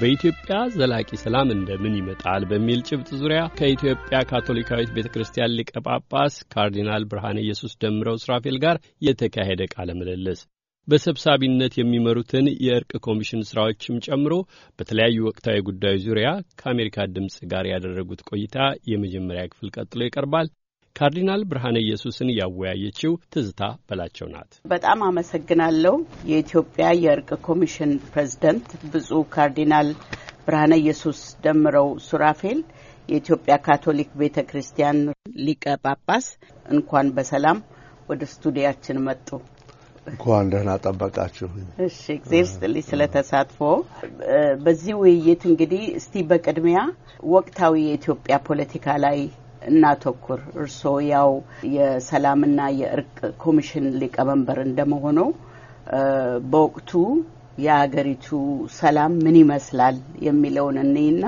በኢትዮጵያ ዘላቂ ሰላም እንደምን ይመጣል በሚል ጭብጥ ዙሪያ ከኢትዮጵያ ካቶሊካዊት ቤተ ክርስቲያን ሊቀ ጳጳስ ካርዲናል ብርሃነ ኢየሱስ ደምረው ስራፌል ጋር የተካሄደ ቃለ ምልልስ በሰብሳቢነት የሚመሩትን የእርቅ ኮሚሽን ስራዎችም ጨምሮ በተለያዩ ወቅታዊ ጉዳዮች ዙሪያ ከአሜሪካ ድምፅ ጋር ያደረጉት ቆይታ የመጀመሪያ ክፍል ቀጥሎ ይቀርባል። ካርዲናል ብርሃነ ኢየሱስን ያወያየችው ትዝታ በላቸው ናት። በጣም አመሰግናለሁ። የኢትዮጵያ የእርቅ ኮሚሽን ፕሬዝደንት ብፁዕ ካርዲናል ብርሃነ ኢየሱስ ደምረው ሱራፌል የኢትዮጵያ ካቶሊክ ቤተ ክርስቲያን ሊቀ ጳጳስ እንኳን በሰላም ወደ ስቱዲያችን መጡ። እንኳን ደህና ጠበቃችሁ። እሺ፣ እግዜር ስጥልኝ ስለ ተሳትፎ። በዚህ ውይይት እንግዲህ እስቲ በቅድሚያ ወቅታዊ የኢትዮጵያ ፖለቲካ ላይ እናተኩር። እርስዎ ያው የሰላምና የእርቅ ኮሚሽን ሊቀመንበር እንደመሆነው በወቅቱ የሀገሪቱ ሰላም ምን ይመስላል የሚለውን እኔና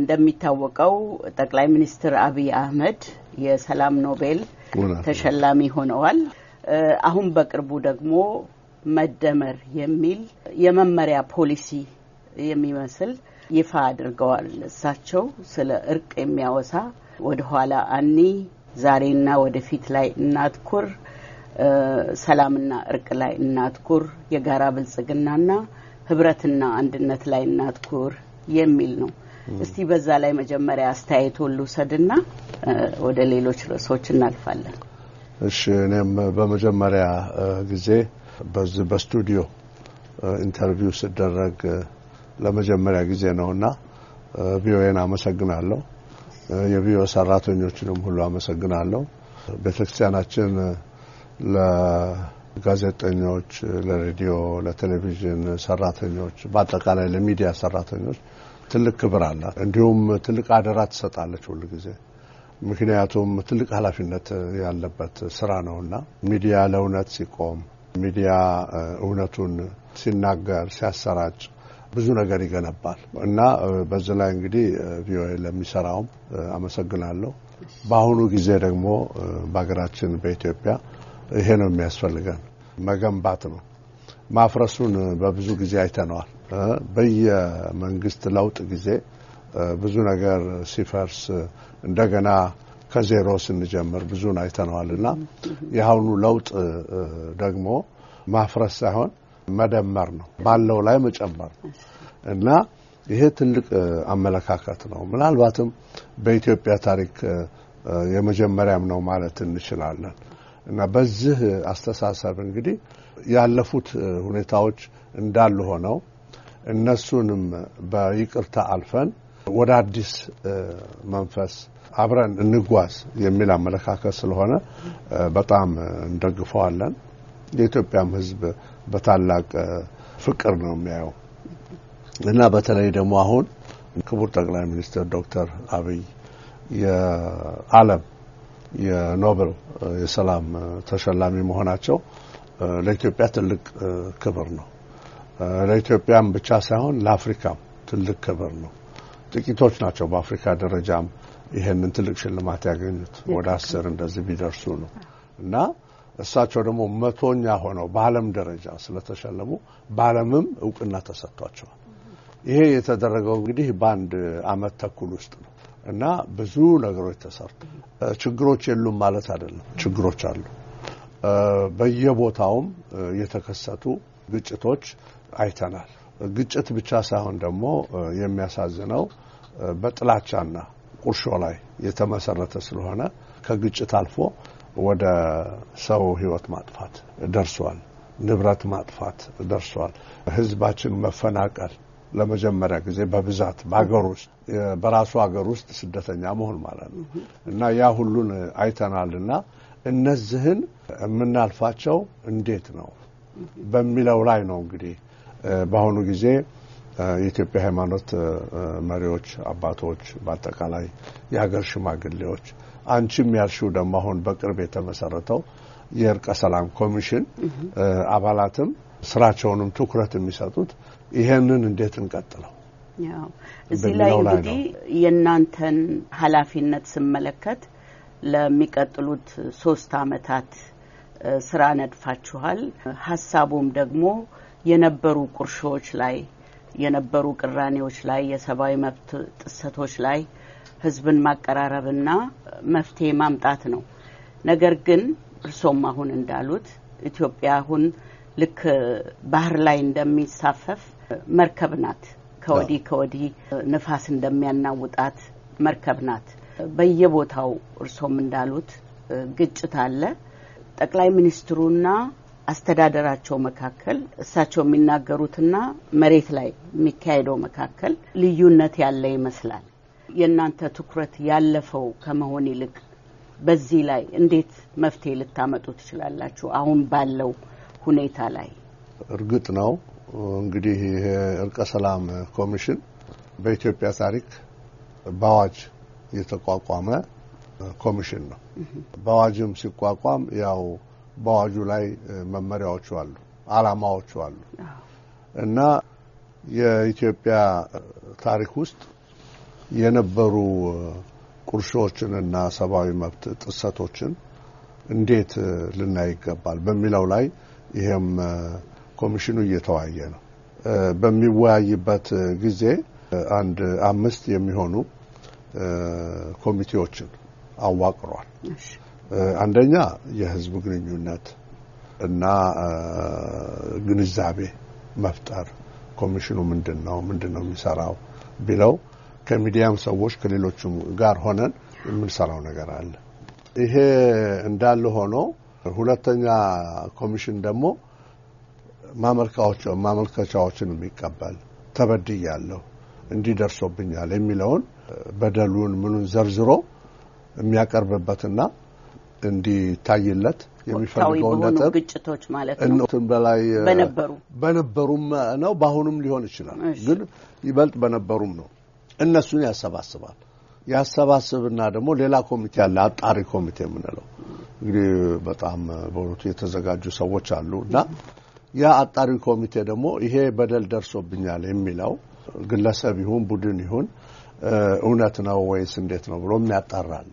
እንደሚታወቀው ጠቅላይ ሚኒስትር አብይ አህመድ የሰላም ኖቤል ተሸላሚ ሆነዋል። አሁን በቅርቡ ደግሞ መደመር የሚል የመመሪያ ፖሊሲ የሚመስል ይፋ አድርገዋል። እሳቸው ስለ እርቅ የሚያወሳ ወደኋላ አኒ ዛሬና ወደፊት ላይ እናትኩር፣ ሰላምና እርቅ ላይ እናትኩር፣ የጋራ ብልጽግናና ህብረትና አንድነት ላይ እናትኩር የሚል ነው። እስቲ በዛ ላይ መጀመሪያ አስተያየት ልውሰድና ወደ ሌሎች ርዕሶች እናልፋለን። እሺ፣ እኔም በመጀመሪያ ጊዜ በዚህ በስቱዲዮ ኢንተርቪው ስደረግ ለመጀመሪያ ጊዜ ነውና ቪኦኤን አመሰግናለሁ። የቢሮ ሰራተኞችንም ሁሉ አመሰግናለሁ። ቤተክርስቲያናችን ለጋዜጠኞች፣ ለሬዲዮ፣ ለቴሌቪዥን ሰራተኞች በአጠቃላይ ለሚዲያ ሰራተኞች ትልቅ ክብር አላት። እንዲሁም ትልቅ አደራ ትሰጣለች ሁል ጊዜ ምክንያቱም ትልቅ ኃላፊነት ያለበት ስራ ነውና ሚዲያ ለእውነት ሲቆም ሚዲያ እውነቱን ሲናገር ሲያሰራጭ ብዙ ነገር ይገነባል እና በዚህ ላይ እንግዲህ ቪኦኤ ለሚሰራውም አመሰግናለሁ። በአሁኑ ጊዜ ደግሞ በሀገራችን በኢትዮጵያ ይሄ ነው የሚያስፈልገን፣ መገንባት ነው። ማፍረሱን በብዙ ጊዜ አይተነዋል። በየመንግስት ለውጥ ጊዜ ብዙ ነገር ሲፈርስ እንደገና ከዜሮ ስንጀምር ብዙን አይተነዋል እና የአሁኑ ለውጥ ደግሞ ማፍረስ ሳይሆን መደመር ነው፣ ባለው ላይ መጨመር ነው እና ይሄ ትልቅ አመለካከት ነው። ምናልባትም በኢትዮጵያ ታሪክ የመጀመሪያም ነው ማለት እንችላለን እና በዚህ አስተሳሰብ እንግዲህ ያለፉት ሁኔታዎች እንዳሉ ሆነው እነሱንም በይቅርታ አልፈን ወደ አዲስ መንፈስ አብረን እንጓዝ የሚል አመለካከት ስለሆነ በጣም እንደግፈዋለን። የኢትዮጵያም ሕዝብ በታላቅ ፍቅር ነው የሚያየው እና በተለይ ደግሞ አሁን ክቡር ጠቅላይ ሚኒስትር ዶክተር አብይ የዓለም የኖብል የሰላም ተሸላሚ መሆናቸው ለኢትዮጵያ ትልቅ ክብር ነው። ለኢትዮጵያም ብቻ ሳይሆን ለአፍሪካም ትልቅ ክብር ነው። ጥቂቶች ናቸው በአፍሪካ ደረጃም ይህንን ትልቅ ሽልማት ያገኙት ወደ አስር እንደዚህ ቢደርሱ ነው እና እሳቸው ደግሞ መቶኛ ሆነው በዓለም ደረጃ ስለተሸለሙ በዓለምም እውቅና ተሰጥቷቸዋል። ይሄ የተደረገው እንግዲህ በአንድ አመት ተኩል ውስጥ ነው እና ብዙ ነገሮች ተሰርቶ ችግሮች የሉም ማለት አይደለም። ችግሮች አሉ። በየቦታውም የተከሰቱ ግጭቶች አይተናል። ግጭት ብቻ ሳይሆን ደግሞ የሚያሳዝነው በጥላቻና ቁርሾ ላይ የተመሰረተ ስለሆነ ከግጭት አልፎ ወደ ሰው ህይወት ማጥፋት ደርሷል። ንብረት ማጥፋት ደርሷል። ህዝባችን መፈናቀል ለመጀመሪያ ጊዜ በብዛት በሀገር ውስጥ በራሱ ሀገር ውስጥ ስደተኛ መሆን ማለት ነው እና ያ ሁሉን አይተናል እና እነዚህን የምናልፋቸው እንዴት ነው በሚለው ላይ ነው እንግዲህ በአሁኑ ጊዜ የኢትዮጵያ ሃይማኖት መሪዎች፣ አባቶች፣ በአጠቃላይ የሀገር ሽማግሌዎች አንቺም ያልሽው ደግሞ አሁን በቅርብ የተመሰረተው የእርቀ ሰላም ኮሚሽን አባላትም ስራቸውንም ትኩረት የሚሰጡት ይሄንን እንዴት እንቀጥለው እዚህ ላይ እንግዲህ የእናንተን ኃላፊነት ስመለከት ለሚቀጥሉት ሶስት አመታት ስራ ነድፋችኋል። ሀሳቡም ደግሞ የነበሩ ቁርሾዎች ላይ የነበሩ ቅራኔዎች ላይ የሰብአዊ መብት ጥሰቶች ላይ ህዝብን ማቀራረብና መፍትሄ ማምጣት ነው። ነገር ግን እርሶም አሁን እንዳሉት ኢትዮጵያ አሁን ልክ ባህር ላይ እንደሚሳፈፍ መርከብ ናት። ከወዲህ ከወዲህ ንፋስ እንደሚያናውጣት መርከብ ናት። በየቦታው እርሶም እንዳሉት ግጭት አለ። ጠቅላይ ሚኒስትሩና አስተዳደራቸው መካከል እሳቸው የሚናገሩትና መሬት ላይ የሚካሄደው መካከል ልዩነት ያለ ይመስላል። የእናንተ ትኩረት ያለፈው ከመሆን ይልቅ በዚህ ላይ እንዴት መፍትሄ ልታመጡ ትችላላችሁ? አሁን ባለው ሁኔታ ላይ እርግጥ ነው እንግዲህ ይሄ እርቀ ሰላም ኮሚሽን በኢትዮጵያ ታሪክ በአዋጅ የተቋቋመ ኮሚሽን ነው። በአዋጅም ሲቋቋም ያው በአዋጁ ላይ መመሪያዎቹ አሉ፣ አላማዎቹ አሉ እና የኢትዮጵያ ታሪክ ውስጥ የነበሩ ቁርሾዎችንና ሰብአዊ መብት ጥሰቶችን እንዴት ልናይ ይገባል በሚለው ላይ ይሄም ኮሚሽኑ እየተወያየ ነው። በሚወያይበት ጊዜ አንድ አምስት የሚሆኑ ኮሚቴዎችን አዋቅሯል። አንደኛ የህዝብ ግንኙነት እና ግንዛቤ መፍጠር፣ ኮሚሽኑ ምንድን ነው ምንድን ነው የሚሰራው ቢለው ከሚዲያም ሰዎች ከሌሎችም ጋር ሆነን የምንሰራው ነገር አለ። ይሄ እንዳለ ሆኖ ሁለተኛ ኮሚሽን ደግሞ ማመልከቻዎችን የሚቀበል ተበድያለሁ፣ እንዲህ ደርሶብኛል የሚለውን በደሉን ምኑን ዘርዝሮ የሚያቀርብበትና እንዲታይለት የሚፈልገውን ነጥብ ግጭቶች ማለት ነው በላይ በነበሩም ነው በአሁኑም ሊሆን ይችላል፣ ግን ይበልጥ በነበሩም ነው እነሱን ያሰባስባል። ያሰባስብና ደግሞ ሌላ ኮሚቴ አለ፣ አጣሪ ኮሚቴ የምንለው እንግዲህ በጣም በእውነቱ የተዘጋጁ ሰዎች አሉ እና ያ አጣሪ ኮሚቴ ደግሞ ይሄ በደል ደርሶብኛል የሚለው ግለሰብ ይሁን ቡድን ይሁን እውነት ነው ወይስ እንዴት ነው ብሎ የሚያጣራል።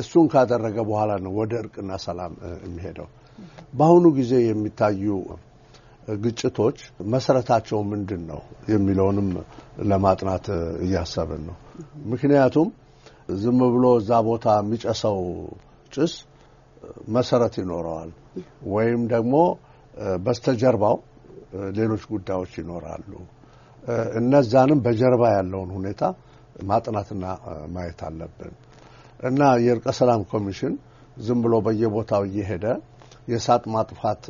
እሱን ካደረገ በኋላ ነው ወደ እርቅና ሰላም የሚሄደው። በአሁኑ ጊዜ የሚታዩ ግጭቶች መሰረታቸው ምንድን ነው የሚለውንም ለማጥናት እያሰብን ነው። ምክንያቱም ዝም ብሎ እዛ ቦታ የሚጨሰው ጭስ መሰረት ይኖረዋል፣ ወይም ደግሞ በስተጀርባው ሌሎች ጉዳዮች ይኖራሉ። እነዛንም በጀርባ ያለውን ሁኔታ ማጥናትና ማየት አለብን እና የእርቀ ሰላም ኮሚሽን ዝም ብሎ በየቦታው እየሄደ የእሳት ማጥፋት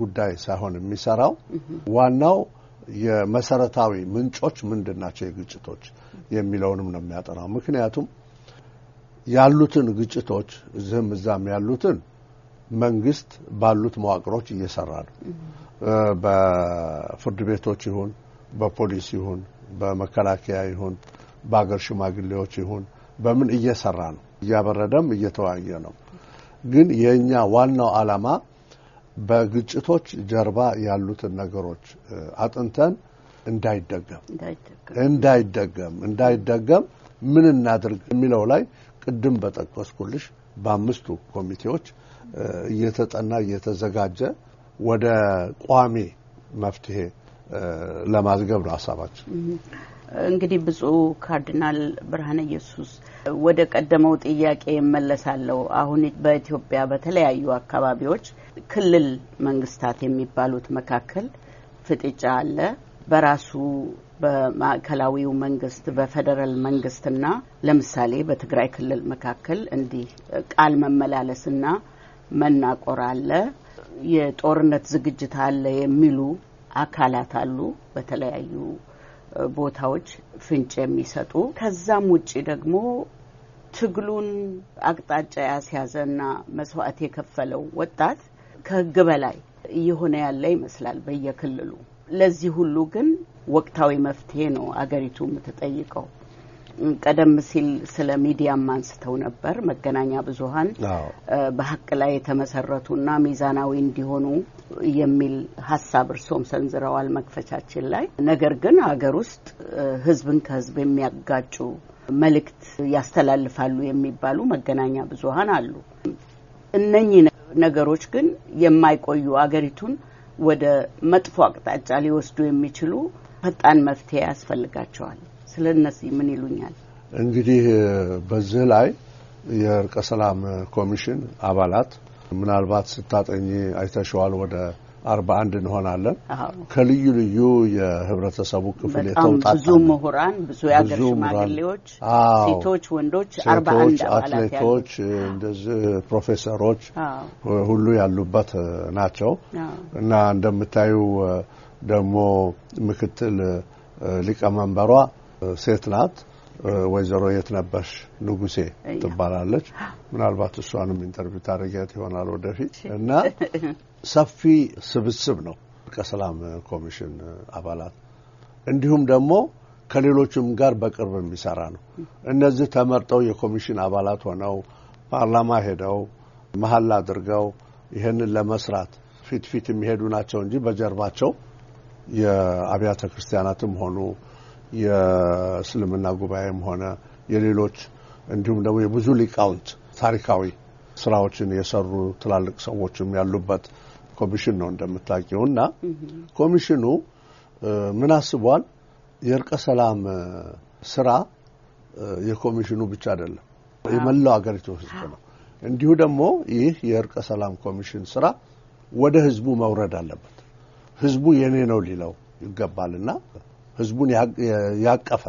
ጉዳይ ሳይሆን የሚሰራው ዋናው የመሰረታዊ ምንጮች ምንድን ናቸው የግጭቶች የሚለውንም ነው የሚያጠናው። ምክንያቱም ያሉትን ግጭቶች እዚህም እዛም ያሉትን መንግስት ባሉት መዋቅሮች እየሰራ ነው። በፍርድ ቤቶች ይሁን፣ በፖሊስ ይሁን፣ በመከላከያ ይሁን፣ በአገር ሽማግሌዎች ይሁን በምን እየሰራ ነው። እያበረደም እየተዋየ ነው። ግን የእኛ ዋናው ዓላማ በግጭቶች ጀርባ ያሉትን ነገሮች አጥንተን እንዳይደገም እንዳይደገም እንዳይደገም ምን እናድርግ የሚለው ላይ ቅድም በጠቀስኩልሽ በአምስቱ ኮሚቴዎች እየተጠና እየተዘጋጀ ወደ ቋሚ መፍትሄ ለማዝገብ ነው ሀሳባችን። እንግዲህ ብፁዕ ካርዲናል ብርሃነ ኢየሱስ ወደ ቀደመው ጥያቄ እመለሳለሁ። አሁን በኢትዮጵያ በተለያዩ አካባቢዎች ክልል መንግስታት የሚባሉት መካከል ፍጥጫ አለ። በራሱ በማዕከላዊው መንግስት በፌዴራል መንግስትና ለምሳሌ በትግራይ ክልል መካከል እንዲህ ቃል መመላለስና መናቆር አለ። የጦርነት ዝግጅት አለ የሚሉ አካላት አሉ በተለያዩ ቦታዎች ፍንጭ የሚሰጡ ከዛም ውጭ ደግሞ ትግሉን አቅጣጫ ያስያዘና መስዋዕት የከፈለው ወጣት ከህግ በላይ እየሆነ ያለ ይመስላል በየክልሉ። ለዚህ ሁሉ ግን ወቅታዊ መፍትሄ ነው አገሪቱ የምትጠይቀው። ቀደም ሲል ስለ ሚዲያም አንስተው ነበር። መገናኛ ብዙኃን በሀቅ ላይ የተመሰረቱና ሚዛናዊ እንዲሆኑ የሚል ሀሳብ እርሶም ሰንዝረዋል መክፈቻችን ላይ። ነገር ግን ሀገር ውስጥ ህዝብን ከህዝብ የሚያጋጩ መልእክት ያስተላልፋሉ የሚባሉ መገናኛ ብዙኃን አሉ። እነኚህ ነገሮች ግን የማይቆዩ አገሪቱን ወደ መጥፎ አቅጣጫ ሊወስዱ የሚችሉ ፈጣን መፍትሄ ያስፈልጋቸዋል። ስለ እነዚህ ምን ይሉኛል? እንግዲህ በዚህ ላይ የእርቀ ሰላም ኮሚሽን አባላት ምናልባት ስታጠኝ አይተሸዋል ወደ አርባ አንድ እንሆናለን ከልዩ ልዩ የህብረተሰቡ ክፍል የተውጣጣ ብዙ ምሁራን፣ ብዙ የአገር ሽማግሌዎች፣ ሴቶች፣ ወንዶች፣ አርባ አንድ አትሌቶች፣ እንደዚህ ፕሮፌሰሮች ሁሉ ያሉበት ናቸው እና እንደምታዩ ደግሞ ምክትል ሊቀመንበሯ ሴት ናት። ወይዘሮ የትነበሽ ንጉሴ ትባላለች። ምናልባት እሷንም ኢንተርቪው ታደርጊያት ይሆናል ወደፊት እና ሰፊ ስብስብ ነው ከሰላም ኮሚሽን አባላት እንዲሁም ደግሞ ከሌሎችም ጋር በቅርብ የሚሰራ ነው። እነዚህ ተመርጠው የኮሚሽን አባላት ሆነው ፓርላማ ሄደው መሀል አድርገው ይህንን ለመስራት ፊት ፊት የሚሄዱ ናቸው እንጂ በጀርባቸው የአብያተ ክርስቲያናትም ሆኑ የእስልምና ጉባኤም ሆነ የሌሎች እንዲሁም ደግሞ የብዙ ሊቃውንት ታሪካዊ ስራዎችን የሰሩ ትላልቅ ሰዎችም ያሉበት ኮሚሽን ነው እንደምታውቂው። እና ኮሚሽኑ ምን አስቧል? የእርቀ ሰላም ስራ የኮሚሽኑ ብቻ አይደለም፣ የመላው አገሪቱ ህዝብ ነው። እንዲሁ ደግሞ ይህ የእርቀ ሰላም ኮሚሽን ስራ ወደ ህዝቡ መውረድ አለበት። ህዝቡ የኔ ነው ሊለው ይገባልና ህዝቡን ያቀፈ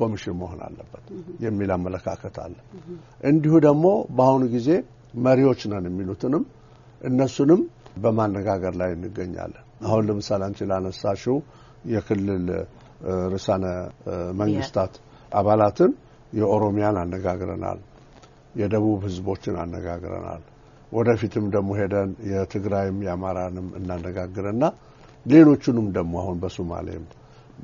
ኮሚሽን መሆን አለበት የሚል አመለካከት አለ። እንዲሁ ደግሞ በአሁኑ ጊዜ መሪዎች ነን የሚሉትንም እነሱንም በማነጋገር ላይ እንገኛለን። አሁን ለምሳሌ አንቺ ላነሳሽው የክልል ርዕሳነ መንግስታት አባላትን የኦሮሚያን አነጋግረናል፣ የደቡብ ህዝቦችን አነጋግረናል። ወደፊትም ደግሞ ሄደን የትግራይም የአማራንም እናነጋግረና ሌሎቹንም ደግሞ አሁን በሶማሌም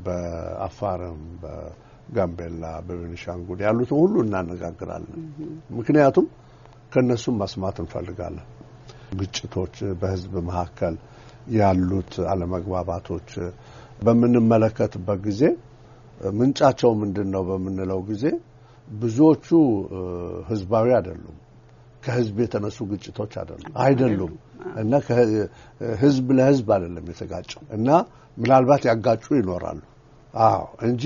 በአፋርም በጋምቤላ በቤኒሻንጉል ያሉትን ሁሉ እናነጋግራለን። ምክንያቱም ከእነሱም ማስማት እንፈልጋለን። ግጭቶች፣ በህዝብ መካከል ያሉት አለመግባባቶች በምንመለከትበት ጊዜ ምንጫቸው ምንድን ነው በምንለው ጊዜ ብዙዎቹ ህዝባዊ አይደሉም። ከህዝብ የተነሱ ግጭቶች አይደሉም አይደሉም እና ህዝብ ለህዝብ አይደለም የተጋጨው እና ምናልባት ያጋጩ ይኖራሉ። አዎ እንጂ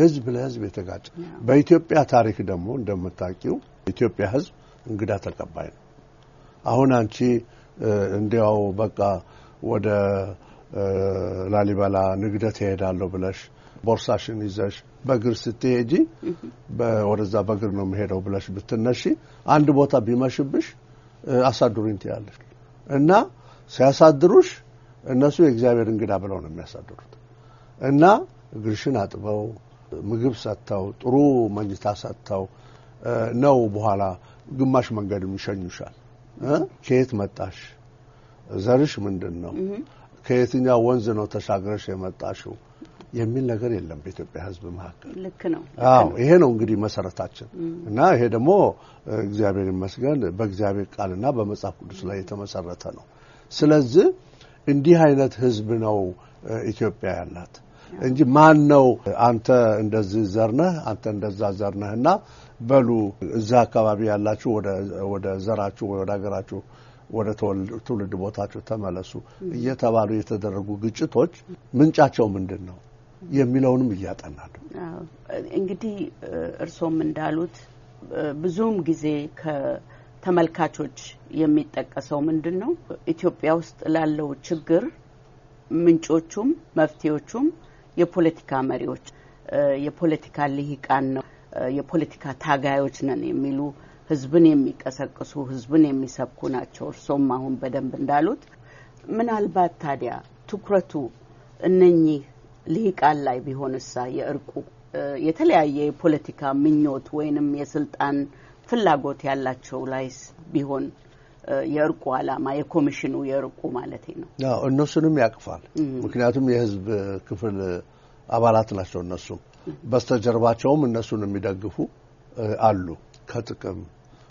ህዝብ ለህዝብ የተጋጨ በኢትዮጵያ ታሪክ ደግሞ እንደምታውቂው ኢትዮጵያ ህዝብ እንግዳ ተቀባይ ነው። አሁን አንቺ እንዲያው በቃ ወደ ላሊበላ ንግደት ይሄዳለሁ ብለሽ ቦርሳሽን ይዘሽ በእግር ስትሄጂ ወደዛ በእግር ነው የምሄደው ብለሽ ብትነሺ አንድ ቦታ ቢመሽብሽ አሳድሩኝ ትያለሽ እና ሲያሳድሩሽ እነሱ የእግዚአብሔር እንግዳ ብለው ነው የሚያሳድሩት እና እግርሽን አጥበው ምግብ ሰጥተው ጥሩ መኝታ ሰጥተው ነው በኋላ ግማሽ መንገድ ይሸኙሻል። ከየት መጣሽ? ዘርሽ ምንድን ነው? ከየትኛው ወንዝ ነው ተሻግረሽ የመጣሽው? የሚል ነገር የለም በኢትዮጵያ ሕዝብ መካከል። ልክ ነው። አዎ ይሄ ነው እንግዲህ መሰረታችን እና ይሄ ደግሞ እግዚአብሔር ይመስገን በእግዚአብሔር ቃልና በመጽሐፍ ቅዱስ ላይ የተመሰረተ ነው። ስለዚህ እንዲህ አይነት ሕዝብ ነው ኢትዮጵያ ያላት እንጂ ማን ነው አንተ እንደዚህ ዘርነህ አንተ እንደዛ ዘርነህና በሉ እዛ አካባቢ ያላችሁ ወደ ዘራችሁ ወደ ሀገራችሁ ወደ ትውልድ ቦታችሁ ተመለሱ እየተባሉ የተደረጉ ግጭቶች ምንጫቸው ምንድን ነው? የሚለውንም እያጠና ነው። እንግዲህ እርሶም እንዳሉት ብዙም ጊዜ ከተመልካቾች የሚጠቀሰው ምንድን ነው ኢትዮጵያ ውስጥ ላለው ችግር ምንጮቹም መፍትሄዎቹም የፖለቲካ መሪዎች፣ የፖለቲካ ልሂቃን ነው፣ የፖለቲካ ታጋዮች ነን የሚሉ ህዝብን የሚቀሰቅሱ ህዝብን የሚሰብኩ ናቸው። እርሶም አሁን በደንብ እንዳሉት ምናልባት ታዲያ ትኩረቱ እነኚህ ልሂቃን ላይ ቢሆንሳ የእርቁ የተለያየ የፖለቲካ ምኞት ወይንም የስልጣን ፍላጎት ያላቸው ላይ ቢሆን የእርቁ አላማ የኮሚሽኑ የእርቁ ማለት ነው። እነሱንም ያቅፋል። ምክንያቱም የህዝብ ክፍል አባላት ናቸው። እነሱም በስተጀርባቸውም እነሱን የሚደግፉ አሉ ከጥቅም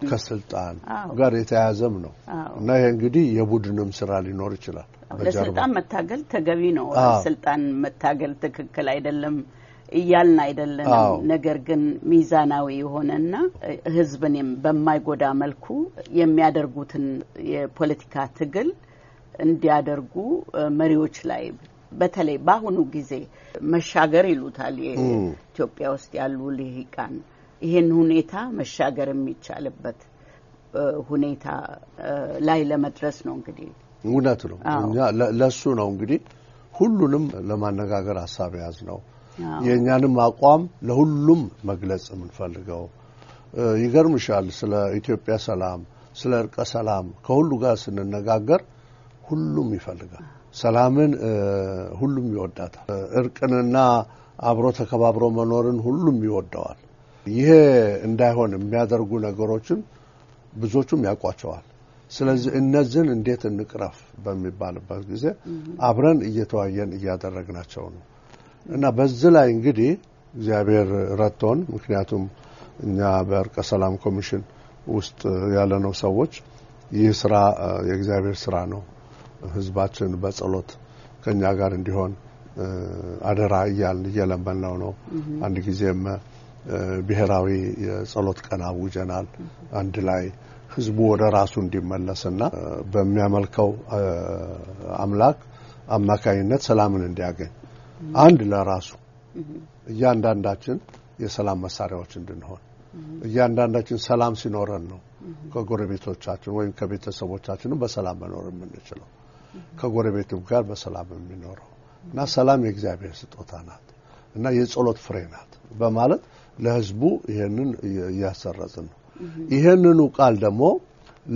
ከስልጣን ጋር የተያያዘም ነው እና ይሄ እንግዲህ የቡድንም ስራ ሊኖር ይችላል። ለስልጣን መታገል ተገቢ ነው። ስልጣን መታገል ትክክል አይደለም እያልን አይደለንም። ነገር ግን ሚዛናዊ የሆነና ህዝብን በማይጎዳ መልኩ የሚያደርጉትን የፖለቲካ ትግል እንዲያደርጉ መሪዎች ላይ በተለይ በአሁኑ ጊዜ መሻገር ይሉታል ኢትዮጵያ ውስጥ ያሉ ልሂቃን ይህን ሁኔታ መሻገር የሚቻልበት ሁኔታ ላይ ለመድረስ ነው። እንግዲህ እውነት ነው። ለሱ ነው እንግዲህ ሁሉንም ለማነጋገር ሀሳብ የያዝ ነው። የእኛንም አቋም ለሁሉም መግለጽ የምንፈልገው ይገርምሻል። ስለ ኢትዮጵያ ሰላም፣ ስለ እርቀ ሰላም ከሁሉ ጋር ስንነጋገር ሁሉም ይፈልጋል። ሰላምን ሁሉም ይወዳታል። እርቅንና አብሮ ተከባብሮ መኖርን ሁሉም ይወደዋል። ይሄ እንዳይሆን የሚያደርጉ ነገሮችን ብዙዎቹም ያውቋቸዋል። ስለዚህ እነዚህን እንዴት እንቅረፍ በሚባልበት ጊዜ አብረን እየተዋየን እያደረግናቸው ነው እና በዚህ ላይ እንግዲህ እግዚአብሔር ረድቶን ምክንያቱም እኛ በእርቀ ሰላም ኮሚሽን ውስጥ ያለነው ሰዎች ይህ ስራ የእግዚአብሔር ስራ ነው። ህዝባችን በጸሎት ከእኛ ጋር እንዲሆን አደራ እያልን እየለመንነው ነው። አንድ ጊዜም ብሔራዊ የጸሎት ቀን አውጀናል። አንድ ላይ ህዝቡ ወደ ራሱ እንዲመለስና በሚያመልከው አምላክ አማካኝነት ሰላምን እንዲያገኝ አንድ ለራሱ እያንዳንዳችን የሰላም መሳሪያዎች እንድንሆን እያንዳንዳችን ሰላም ሲኖረን ነው ከጎረቤቶቻችን ወይም ከቤተሰቦቻችንም በሰላም መኖር የምንችለው ከጎረቤትም ጋር በሰላም የሚኖረው እና ሰላም የእግዚአብሔር ስጦታ ናት እና የጸሎት ፍሬ ናት በማለት ለህዝቡ ይሄንን እያሰረጽን ነው። ይሄንኑ ቃል ደግሞ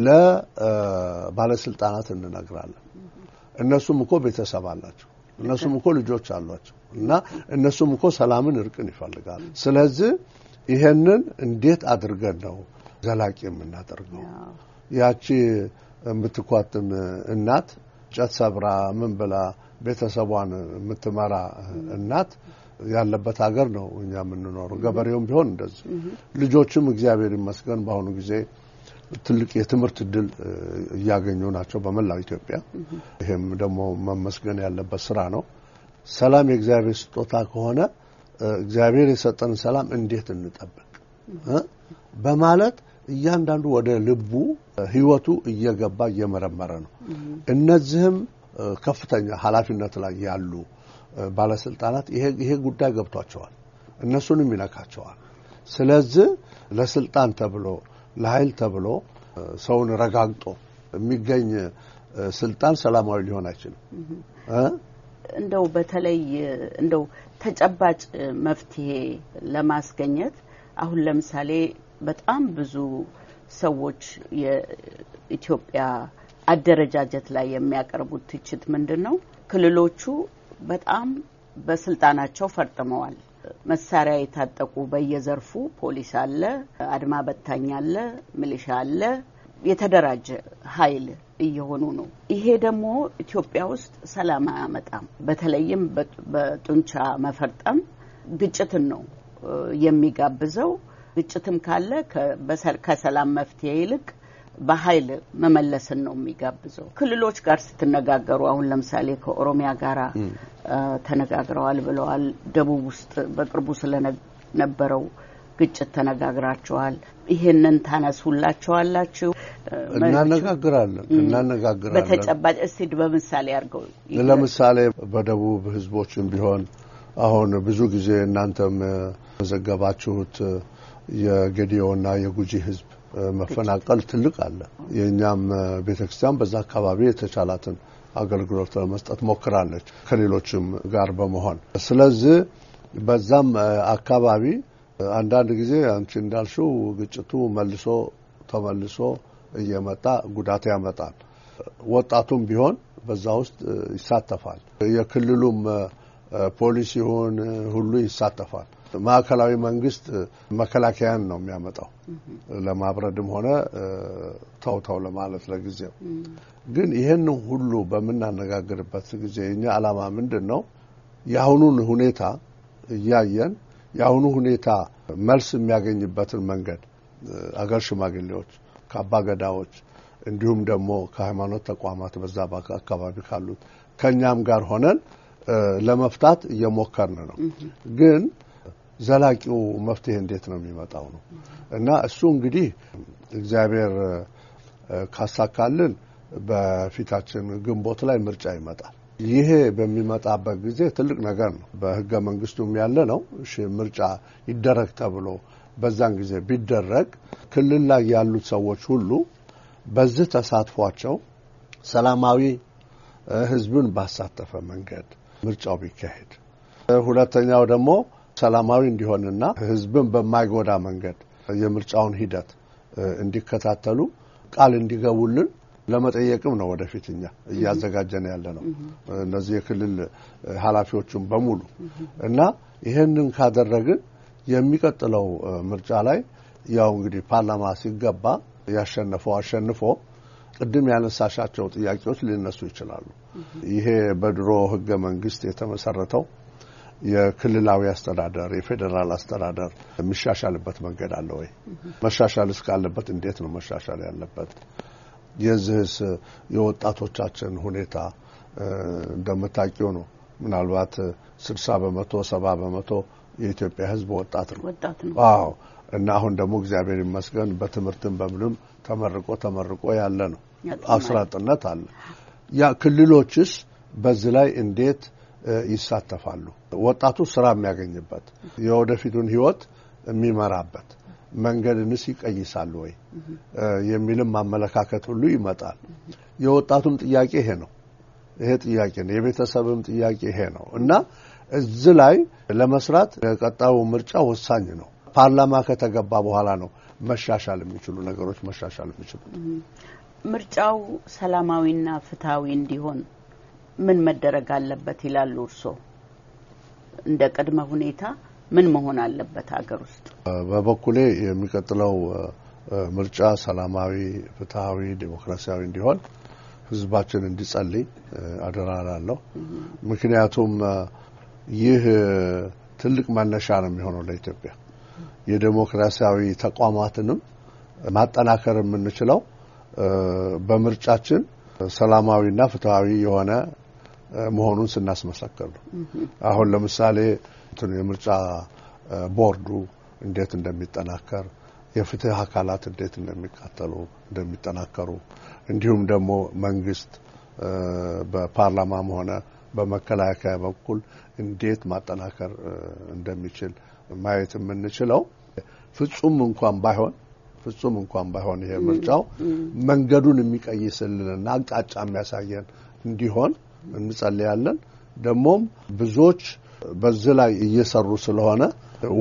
ለባለስልጣናት እንነግራለን። እነሱም እኮ ቤተሰብ አላቸው፣ እነሱም እኮ ልጆች አሏቸው እና እነሱም እኮ ሰላምን፣ እርቅን ይፈልጋሉ። ስለዚህ ይሄንን እንዴት አድርገን ነው ዘላቂ የምናደርገው? ያቺ የምትኳትም እናት እንጨት ሰብራ ምን ብላ ቤተሰቧን የምትመራ እናት ያለበት ሀገር ነው እኛ የምንኖረው። ገበሬውም ቢሆን እንደዚህ ልጆችም እግዚአብሔር ይመስገን በአሁኑ ጊዜ ትልቅ የትምህርት እድል እያገኙ ናቸው በመላው ኢትዮጵያ። ይህም ደግሞ መመስገን ያለበት ስራ ነው። ሰላም የእግዚአብሔር ስጦታ ከሆነ እግዚአብሔር የሰጠን ሰላም እንዴት እንጠብቅ በማለት እያንዳንዱ ወደ ልቡ ህይወቱ እየገባ እየመረመረ ነው። እነዚህም ከፍተኛ ኃላፊነት ላይ ያሉ ባለስልጣናት ይሄ ጉዳይ ገብቷቸዋል፣ እነሱንም ይነካቸዋል። ስለዚህ ለስልጣን ተብሎ ለኃይል ተብሎ ሰውን ረጋግጦ የሚገኝ ስልጣን ሰላማዊ ሊሆን አይችልም። እንደው በተለይ እንደው ተጨባጭ መፍትሄ ለማስገኘት አሁን ለምሳሌ በጣም ብዙ ሰዎች የኢትዮጵያ አደረጃጀት ላይ የሚያቀርቡት ትችት ምንድን ነው? ክልሎቹ በጣም በስልጣናቸው ፈርጥመዋል። መሳሪያ የታጠቁ በየዘርፉ ፖሊስ አለ፣ አድማ በታኝ አለ፣ ሚሊሻ አለ፣ የተደራጀ ኃይል እየሆኑ ነው። ይሄ ደግሞ ኢትዮጵያ ውስጥ ሰላም አያመጣም። በተለይም በጡንቻ መፈርጠም ግጭትን ነው የሚጋብዘው። ግጭትም ካለ ከሰላም መፍትሄ ይልቅ በኃይል መመለስን ነው የሚጋብዘው። ክልሎች ጋር ስትነጋገሩ አሁን ለምሳሌ ከኦሮሚያ ጋር ተነጋግረዋል ብለዋል። ደቡብ ውስጥ በቅርቡ ስለነበረው ግጭት ተነጋግራቸዋል። ይሄንን ታነሱላቸዋላችሁ? እናነጋግራለን እናነጋግራለን። በተጨባጭ እስቲ በምሳሌ አድርገው። ለምሳሌ በደቡብ ህዝቦችም ቢሆን አሁን ብዙ ጊዜ እናንተም የዘገባችሁት የጌዲዮና የጉጂ ህዝብ መፈናቀል ትልቅ አለ። የእኛም ቤተክርስቲያን በዛ አካባቢ የተቻላትን አገልግሎት ለመስጠት ሞክራለች ከሌሎችም ጋር በመሆን ስለዚህ በዛም አካባቢ አንዳንድ ጊዜ አንቺ እንዳልሽው ግጭቱ መልሶ ተመልሶ እየመጣ ጉዳት ያመጣል። ወጣቱም ቢሆን በዛ ውስጥ ይሳተፋል። የክልሉም ፖሊሲ ይሁን ሁሉ ይሳተፋል። ማዕከላዊ መንግስት መከላከያን ነው የሚያመጣው ለማብረድም ሆነ ተውተው ለማለት ለጊዜው። ግን ይህን ሁሉ በምናነጋግርበት ጊዜ የኛ ዓላማ ምንድን ነው? የአሁኑን ሁኔታ እያየን የአሁኑ ሁኔታ መልስ የሚያገኝበትን መንገድ አገር ሽማግሌዎች ከአባገዳዎች እንዲሁም ደግሞ ከሃይማኖት ተቋማት በዛ አካባቢ ካሉት ከእኛም ጋር ሆነን ለመፍታት እየሞከርን ነው ግን ዘላቂው መፍትሄ እንዴት ነው የሚመጣው ነው እና እሱ እንግዲህ እግዚአብሔር ካሳካልን በፊታችን ግንቦት ላይ ምርጫ ይመጣል። ይሄ በሚመጣበት ጊዜ ትልቅ ነገር ነው። በህገ መንግስቱም ያለ ነው ምርጫ ይደረግ ተብሎ በዛን ጊዜ ቢደረግ ክልል ላይ ያሉት ሰዎች ሁሉ በዚህ ተሳትፏቸው ሰላማዊ ህዝብን ባሳተፈ መንገድ ምርጫው ቢካሄድ፣ ሁለተኛው ደግሞ ሰላማዊ እንዲሆንና ህዝብን በማይጎዳ መንገድ የምርጫውን ሂደት እንዲከታተሉ ቃል እንዲገቡልን ለመጠየቅም ነው። ወደፊት እኛ እያዘጋጀን ያለ ነው እነዚህ የክልል ኃላፊዎቹን በሙሉ እና ይህንን ካደረግን የሚቀጥለው ምርጫ ላይ ያው እንግዲህ ፓርላማ ሲገባ ያሸነፈው አሸንፎ ቅድም ያነሳሻቸው ጥያቄዎች ሊነሱ ይችላሉ። ይሄ በድሮ ህገ መንግስት የተመሰረተው የክልላዊ አስተዳደር የፌዴራል አስተዳደር የሚሻሻልበት መንገድ አለ ወይ? መሻሻል እስካለበት እንዴት ነው መሻሻል ያለበት? የዚህስ የወጣቶቻችን ሁኔታ እንደምታውቂው ነው። ምናልባት ስልሳ በመቶ ሰባ በመቶ የኢትዮጵያ ሕዝብ ወጣት ነው። አዎ። እና አሁን ደግሞ እግዚአብሔር ይመስገን በትምህርትም በምንም ተመርቆ ተመርቆ ያለ ነው። አስራጥነት አለ። ያ ክልሎችስ በዚህ ላይ እንዴት ይሳተፋሉ። ወጣቱ ስራ የሚያገኝበት የወደፊቱን ህይወት የሚመራበት መንገድንስ ይቀይሳሉ ወይ የሚልም አመለካከት ሁሉ ይመጣል። የወጣቱም ጥያቄ ይሄ ነው። ይሄ ጥያቄ ነው። የቤተሰብም ጥያቄ ይሄ ነው እና እዚህ ላይ ለመስራት የቀጣዩ ምርጫ ወሳኝ ነው። ፓርላማ ከተገባ በኋላ ነው መሻሻል የሚችሉ ነገሮች መሻሻል የሚችሉ ምርጫው ሰላማዊና ፍትሐዊ እንዲሆን ምን መደረግ አለበት ይላሉ እርስዎ? እንደ ቅድመ ሁኔታ ምን መሆን አለበት ሀገር ውስጥ? በበኩሌ የሚቀጥለው ምርጫ ሰላማዊ፣ ፍትሐዊ፣ ዴሞክራሲያዊ እንዲሆን ህዝባችን እንዲጸልይ አደራ ምክንያቱም ይህ ትልቅ መነሻ ነው የሚሆነው ለኢትዮጵያ። የዴሞክራሲያዊ ተቋማትንም ማጠናከር የምንችለው በምርጫችን ሰላማዊና ፍትሐዊ የሆነ መሆኑን ስናስመሰክር ነው። አሁን ለምሳሌ የምርጫ ቦርዱ እንዴት እንደሚጠናከር የፍትህ አካላት እንዴት እንደሚካተሉ እንደሚጠናከሩ እንዲሁም ደግሞ መንግስት በፓርላማም ሆነ በመከላከያ በኩል እንዴት ማጠናከር እንደሚችል ማየት የምንችለው ፍጹም እንኳን ባይሆን ፍጹም እንኳን ባይሆን ይሄ ምርጫው መንገዱን የሚቀይስልንና አቅጣጫ የሚያሳየን እንዲሆን እንጸልያለን። ደግሞም ብዙዎች በዚህ ላይ እየሰሩ ስለሆነ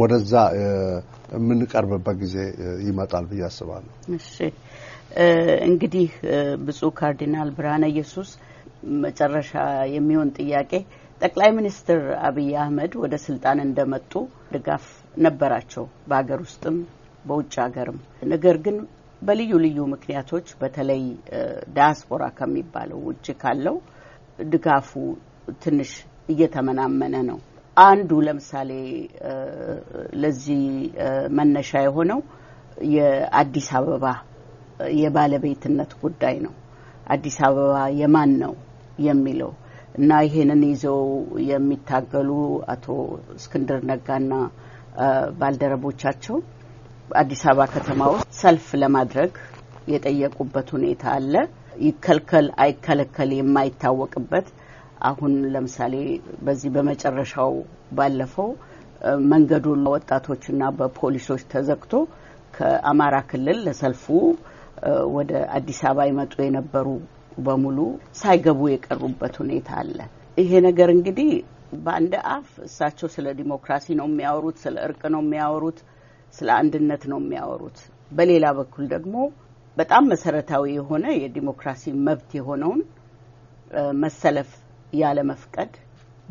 ወደዛ የምንቀርብበት ጊዜ ይመጣል ብዬ አስባለሁ። እሺ እንግዲህ ብፁዕ ካርዲናል ብርሃነ ኢየሱስ መጨረሻ የሚሆን ጥያቄ ጠቅላይ ሚኒስትር አብይ አህመድ ወደ ስልጣን እንደመጡ ድጋፍ ነበራቸው በሀገር ውስጥም በውጭ ሀገርም። ነገር ግን በልዩ ልዩ ምክንያቶች በተለይ ዳያስፖራ ከሚባለው ውጭ ካለው ድጋፉ ትንሽ እየተመናመነ ነው። አንዱ ለምሳሌ ለዚህ መነሻ የሆነው የአዲስ አበባ የባለቤትነት ጉዳይ ነው። አዲስ አበባ የማን ነው የሚለው እና ይሄንን ይዘው የሚታገሉ አቶ እስክንድር ነጋና ባልደረቦቻቸው አዲስ አበባ ከተማ ውስጥ ሰልፍ ለማድረግ የጠየቁበት ሁኔታ አለ። ይከልከል አይከለከል የማይታወቅበት አሁን ለምሳሌ በዚህ በመጨረሻው ባለፈው መንገዱ በወጣቶችና በፖሊሶች ተዘግቶ ከአማራ ክልል ለሰልፉ ወደ አዲስ አበባ ይመጡ የነበሩ በሙሉ ሳይገቡ የቀሩበት ሁኔታ አለ። ይሄ ነገር እንግዲህ በአንድ አፍ እሳቸው ስለ ዲሞክራሲ ነው የሚያወሩት፣ ስለ እርቅ ነው የሚያወሩት፣ ስለ አንድነት ነው የሚያወሩት። በሌላ በኩል ደግሞ በጣም መሰረታዊ የሆነ የዲሞክራሲ መብት የሆነውን መሰለፍ ያለ መፍቀድ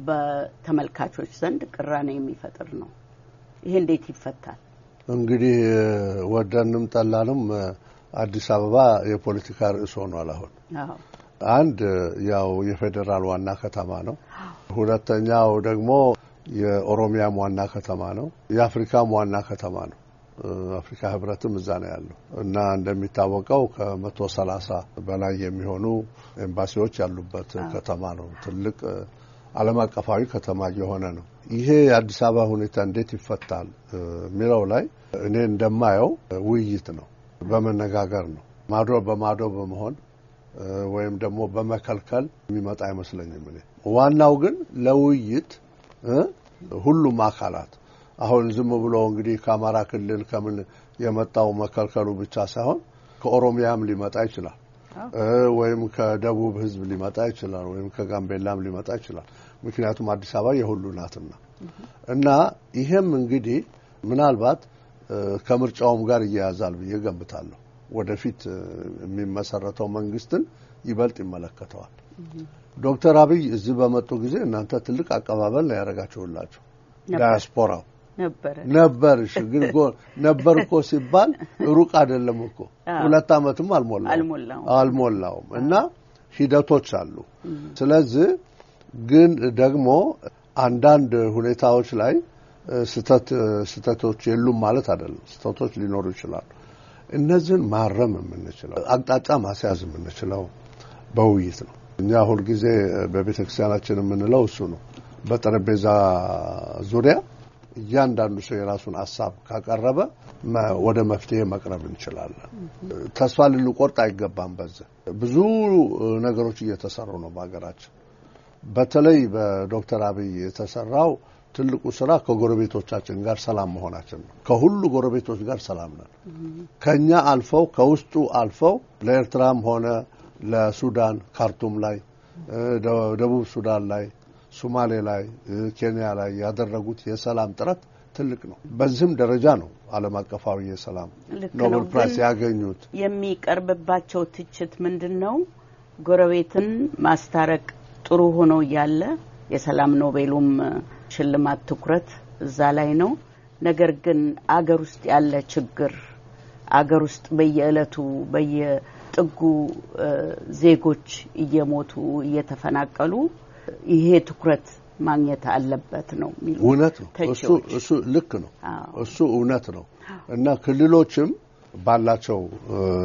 በተመልካቾች ዘንድ ቅራኔ የሚፈጥር ነው። ይሄ እንዴት ይፈታል? እንግዲህ ወደንም ጠላንም አዲስ አበባ የፖለቲካ ርዕስ ሆኗል። አሁን አንድ ያው የፌዴራል ዋና ከተማ ነው። ሁለተኛው ደግሞ የኦሮሚያም ዋና ከተማ ነው። የአፍሪካም ዋና ከተማ ነው። አፍሪካ ህብረትም እዛ ነው ያለው እና እንደሚታወቀው ከመቶ ሰላሳ በላይ የሚሆኑ ኤምባሲዎች ያሉበት ከተማ ነው። ትልቅ ዓለም አቀፋዊ ከተማ እየሆነ ነው። ይሄ የአዲስ አበባ ሁኔታ እንዴት ይፈታል የሚለው ላይ እኔ እንደማየው ውይይት ነው፣ በመነጋገር ነው። ማዶ በማዶ በመሆን ወይም ደግሞ በመከልከል የሚመጣ አይመስለኝም። እኔ ዋናው ግን ለውይይት ሁሉም አካላት አሁን ዝም ብሎ እንግዲህ ከአማራ ክልል ከምን የመጣው መከልከሉ ብቻ ሳይሆን ከኦሮሚያም ሊመጣ ይችላል፣ ወይም ከደቡብ ህዝብ ሊመጣ ይችላል፣ ወይም ከጋምቤላም ሊመጣ ይችላል። ምክንያቱም አዲስ አበባ የሁሉ ናትና እና ይህም እንግዲህ ምናልባት ከምርጫውም ጋር እያያዛል ብዬ ገምታለሁ። ወደፊት የሚመሰረተው መንግስትን ይበልጥ ይመለከተዋል። ዶክተር አብይ እዚህ በመጡ ጊዜ እናንተ ትልቅ አቀባበል ነው ያደረጋችሁላቸው ዳያስፖራው ነበር። እሺ ግን ነበር እኮ ሲባል ሩቅ አይደለም እኮ ሁለት አመትም አልሞላውም እና ሂደቶች አሉ። ስለዚህ ግን ደግሞ አንዳንድ ሁኔታዎች ላይ ስተቶች የሉም ማለት አይደለም። ስተቶች ሊኖሩ ይችላሉ። እነዚህን ማረም የምንችለው አቅጣጫ ማስያዝ የምንችለው በውይይት ነው። እኛ ሁልጊዜ በቤተክርስቲያናችን የምንለው እሱ ነው። በጠረጴዛ ዙሪያ እያንዳንዱ ሰው የራሱን ሀሳብ ካቀረበ ወደ መፍትሄ መቅረብ እንችላለን። ተስፋ ልንቆርጥ አይገባም። በዚህ ብዙ ነገሮች እየተሰሩ ነው በሀገራችን። በተለይ በዶክተር አብይ የተሰራው ትልቁ ስራ ከጎረቤቶቻችን ጋር ሰላም መሆናችን ነው። ከሁሉ ጎረቤቶች ጋር ሰላም ነን። ከእኛ አልፈው ከውስጡ አልፈው ለኤርትራም ሆነ ለሱዳን ካርቱም ላይ፣ ደቡብ ሱዳን ላይ ሱማሌ ላይ፣ ኬንያ ላይ ያደረጉት የሰላም ጥረት ትልቅ ነው። በዚህም ደረጃ ነው ዓለም አቀፋዊ የሰላም ኖቤል ፕራይስ ያገኙት። የሚቀርብባቸው ትችት ምንድን ነው? ጎረቤትን ማስታረቅ ጥሩ ሆኖ እያለ የሰላም ኖቤሉም ሽልማት ትኩረት እዛ ላይ ነው። ነገር ግን አገር ውስጥ ያለ ችግር አገር ውስጥ በየዕለቱ በየጥጉ ዜጎች እየሞቱ እየተፈናቀሉ ይሄ ትኩረት ማግኘት አለበት ነው እውነት ነው። እሱ ልክ ነው። እሱ እውነት ነው እና ክልሎችም ባላቸው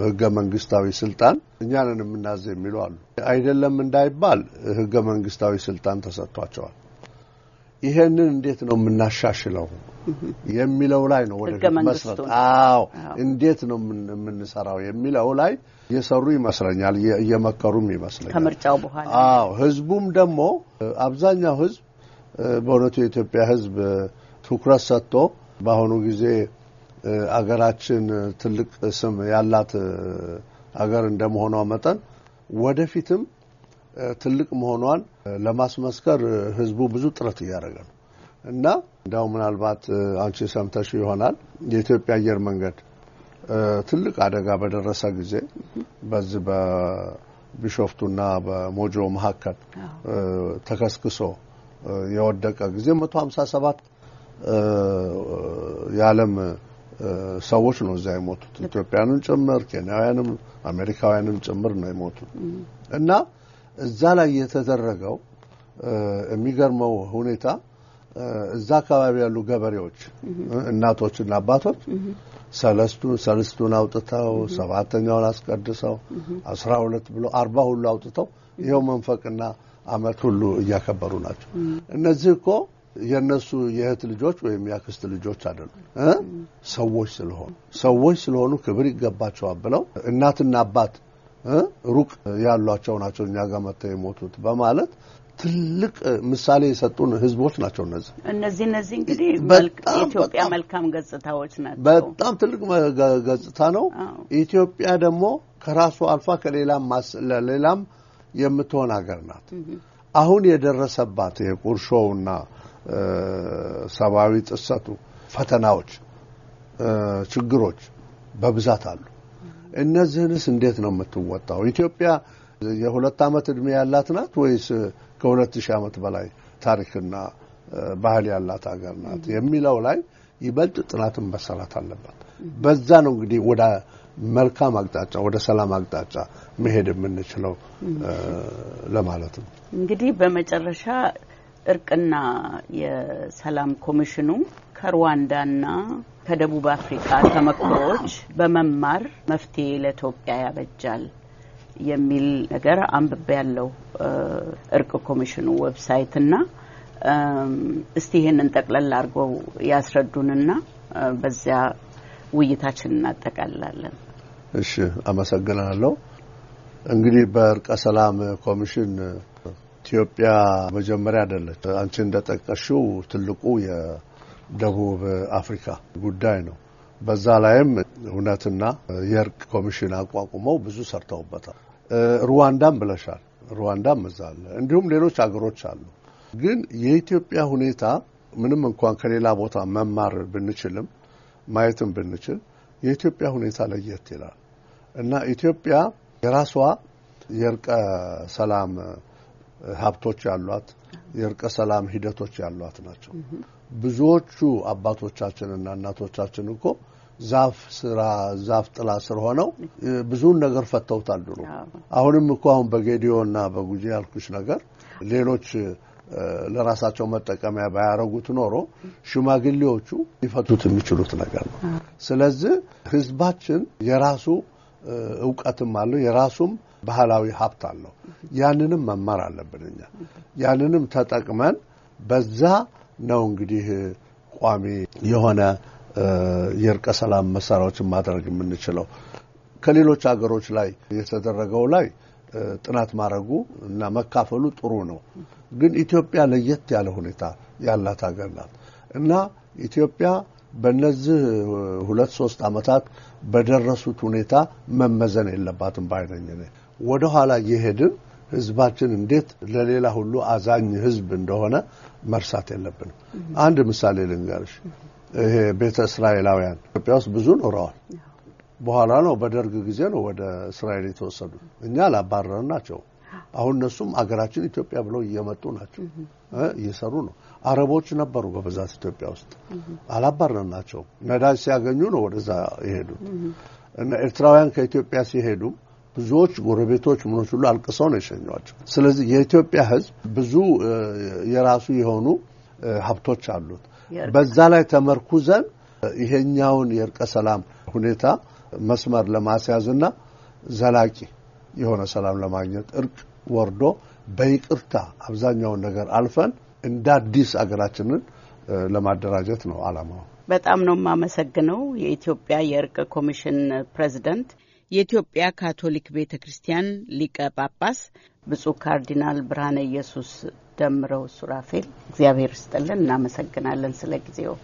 ህገ መንግስታዊ ስልጣን እኛንን የምናዘ የሚሉ አሉ። አይደለም እንዳይባል ህገ መንግስታዊ ስልጣን ተሰጥቷቸዋል። ይሄንን እንዴት ነው የምናሻሽለው የሚለው ላይ ነው ወደ መስረት። አዎ እንዴት ነው የምንሰራው የሚለው ላይ እየሰሩ ይመስለኛል፣ እየመከሩም ይመስለኛል። ከምርጫው በኋላ አዎ ህዝቡም ደግሞ አብዛኛው ህዝብ በእውነቱ የኢትዮጵያ ህዝብ ትኩረት ሰጥቶ በአሁኑ ጊዜ አገራችን ትልቅ ስም ያላት አገር እንደመሆኗ መጠን ወደፊትም ትልቅ መሆኗን ለማስመስከር ህዝቡ ብዙ ጥረት እያደረገ ነው እና እንዲያው ምናልባት አንቺ ሰምተሽ ይሆናል የኢትዮጵያ አየር መንገድ ትልቅ አደጋ በደረሰ ጊዜ በዚህ በቢሾፍቱና በሞጆ መካከል ተከስክሶ የወደቀ ጊዜ መቶ ሰባት የዓለም ሰዎች ነው እዚያ የሞቱት ኢትዮጵያንም ጭምር ኬንያውያንም አሜሪካውያንም ጭምር ነው የሞቱት እና እዛ ላይ የተደረገው የሚገርመው ሁኔታ እዛ አካባቢ ያሉ ገበሬዎች እናቶችና አባቶች ሰለስቱን ሰልስቱን አውጥተው ሰባተኛውን አስቀድሰው አስራ ሁለት ብሎ አርባ ሁሉ አውጥተው ይኸው መንፈቅና አመት ሁሉ እያከበሩ ናቸው። እነዚህ እኮ የእነሱ የእህት ልጆች ወይም ያክስት ልጆች አይደሉም። ሰዎች ስለሆኑ ሰዎች ስለሆኑ ክብር ይገባቸዋል ብለው እናትና አባት ሩቅ ያሏቸው ናቸው እኛ ጋር መጥተው የሞቱት በማለት ትልቅ ምሳሌ የሰጡን ህዝቦች ናቸው። እነዚህ እነዚህ እነዚህ እንግዲህ ኢትዮጵያ መልካም ገጽታዎች ናቸው። በጣም ትልቅ ገጽታ ነው። ኢትዮጵያ ደግሞ ከራሱ አልፋ ከሌላም ለሌላም የምትሆን ሀገር ናት። አሁን የደረሰባት የቁርሾውና ሰብአዊ ጥሰቱ፣ ፈተናዎች፣ ችግሮች በብዛት አሉ። እነዚህንስ እንዴት ነው የምትወጣው? ኢትዮጵያ የሁለት ዓመት ዕድሜ ያላት ናት ወይስ ከሁለት ሺህ ዓመት በላይ ታሪክና ባህል ያላት ሀገር ናት የሚለው ላይ ይበልጥ ጥናትን መሰራት አለበት። በዛ ነው እንግዲህ ወደ መልካም አቅጣጫ ወደ ሰላም አቅጣጫ መሄድ የምንችለው ለማለት ነው። እንግዲህ በመጨረሻ እርቅና የሰላም ኮሚሽኑ ከሩዋንዳና ከደቡብ አፍሪካ ተመክሮዎች በመማር መፍትሄ ለኢትዮጵያ ያበጃል የሚል ነገር አንብቤ ያለው እርቅ ኮሚሽኑ ዌብሳይት እና እስቲ ይህንን ጠቅለል አድርገው ያስረዱንና በዚያ ውይይታችን እናጠቃልላለን። እሺ፣ አመሰግናለሁ። እንግዲህ በእርቀ ሰላም ኮሚሽን ኢትዮጵያ መጀመሪያ አይደለች። አንቺ እንደጠቀሽው ትልቁ ደቡብ አፍሪካ ጉዳይ ነው። በዛ ላይም እውነትና የእርቅ ኮሚሽን አቋቁመው ብዙ ሰርተውበታል። ሩዋንዳም ብለሻል። ሩዋንዳም እዛ አለ። እንዲሁም ሌሎች አገሮች አሉ። ግን የኢትዮጵያ ሁኔታ ምንም እንኳን ከሌላ ቦታ መማር ብንችልም ማየትም ብንችል የኢትዮጵያ ሁኔታ ለየት ይላል እና ኢትዮጵያ የራሷ የእርቀ ሰላም ሀብቶች ያሏት የእርቀ ሰላም ሂደቶች ያሏት ናቸው። ብዙዎቹ አባቶቻችንና እናቶቻችን እኮ ዛፍ ስራ ዛፍ ጥላ ስር ሆነው ብዙውን ነገር ፈተውታል ድሮ። አሁንም እኮ አሁን በጌዲዮ እና በጉጂ ያልኩሽ ነገር ሌሎች ለራሳቸው መጠቀሚያ ባያረጉት ኖሮ ሽማግሌዎቹ ሊፈቱት የሚችሉት ነገር ነው። ስለዚህ ህዝባችን የራሱ እውቀትም አለው፣ የራሱም ባህላዊ ሀብት አለው። ያንንም መማር አለብን እኛ ያንንም ተጠቅመን በዛ ነው እንግዲህ ቋሚ የሆነ የእርቀ ሰላም መሳሪያዎችን ማድረግ የምንችለው። ከሌሎች ሀገሮች ላይ የተደረገው ላይ ጥናት ማድረጉ እና መካፈሉ ጥሩ ነው። ግን ኢትዮጵያ ለየት ያለ ሁኔታ ያላት ሀገር ናት እና ኢትዮጵያ በእነዚህ ሁለት ሶስት ዓመታት በደረሱት ሁኔታ መመዘን የለባትም ባይነኝ ወደኋላ የሄድን ህዝባችን እንዴት ለሌላ ሁሉ አዛኝ ህዝብ እንደሆነ መርሳት የለብንም። አንድ ምሳሌ ልንገርሽ። ይሄ ቤተ እስራኤላውያን ኢትዮጵያ ውስጥ ብዙ ኖረዋል። በኋላ ነው በደርግ ጊዜ ነው ወደ እስራኤል የተወሰዱ። እኛ አላባረርን ናቸው። አሁን እነሱም አገራችን ኢትዮጵያ ብለው እየመጡ ናቸው፣ እየሰሩ ነው። አረቦች ነበሩ በብዛት ኢትዮጵያ ውስጥ አላባረርን ናቸው። ነዳጅ ሲያገኙ ነው ወደዛ የሄዱት። ኤርትራውያን ከኢትዮጵያ ሲሄዱም ብዙዎች ጎረቤቶች ምኖች ሁሉ አልቅሰው ነው የሸኟቸው። ስለዚህ የኢትዮጵያ ሕዝብ ብዙ የራሱ የሆኑ ሀብቶች አሉት። በዛ ላይ ተመርኩዘን ይሄኛውን የእርቀ ሰላም ሁኔታ መስመር ለማስያዝና ዘላቂ የሆነ ሰላም ለማግኘት እርቅ ወርዶ በይቅርታ አብዛኛውን ነገር አልፈን እንደ አዲስ አገራችንን ለማደራጀት ነው አላማው። በጣም ነው የማመሰግነው የኢትዮጵያ የእርቅ ኮሚሽን ፕሬዚደንት የኢትዮጵያ ካቶሊክ ቤተ ክርስቲያን ሊቀ ጳጳስ ብፁዕ ካርዲናል ብርሃነ ኢየሱስ ደምረው ሱራፌል፣ እግዚአብሔር ይስጥልን። እናመሰግናለን ስለ ጊዜው።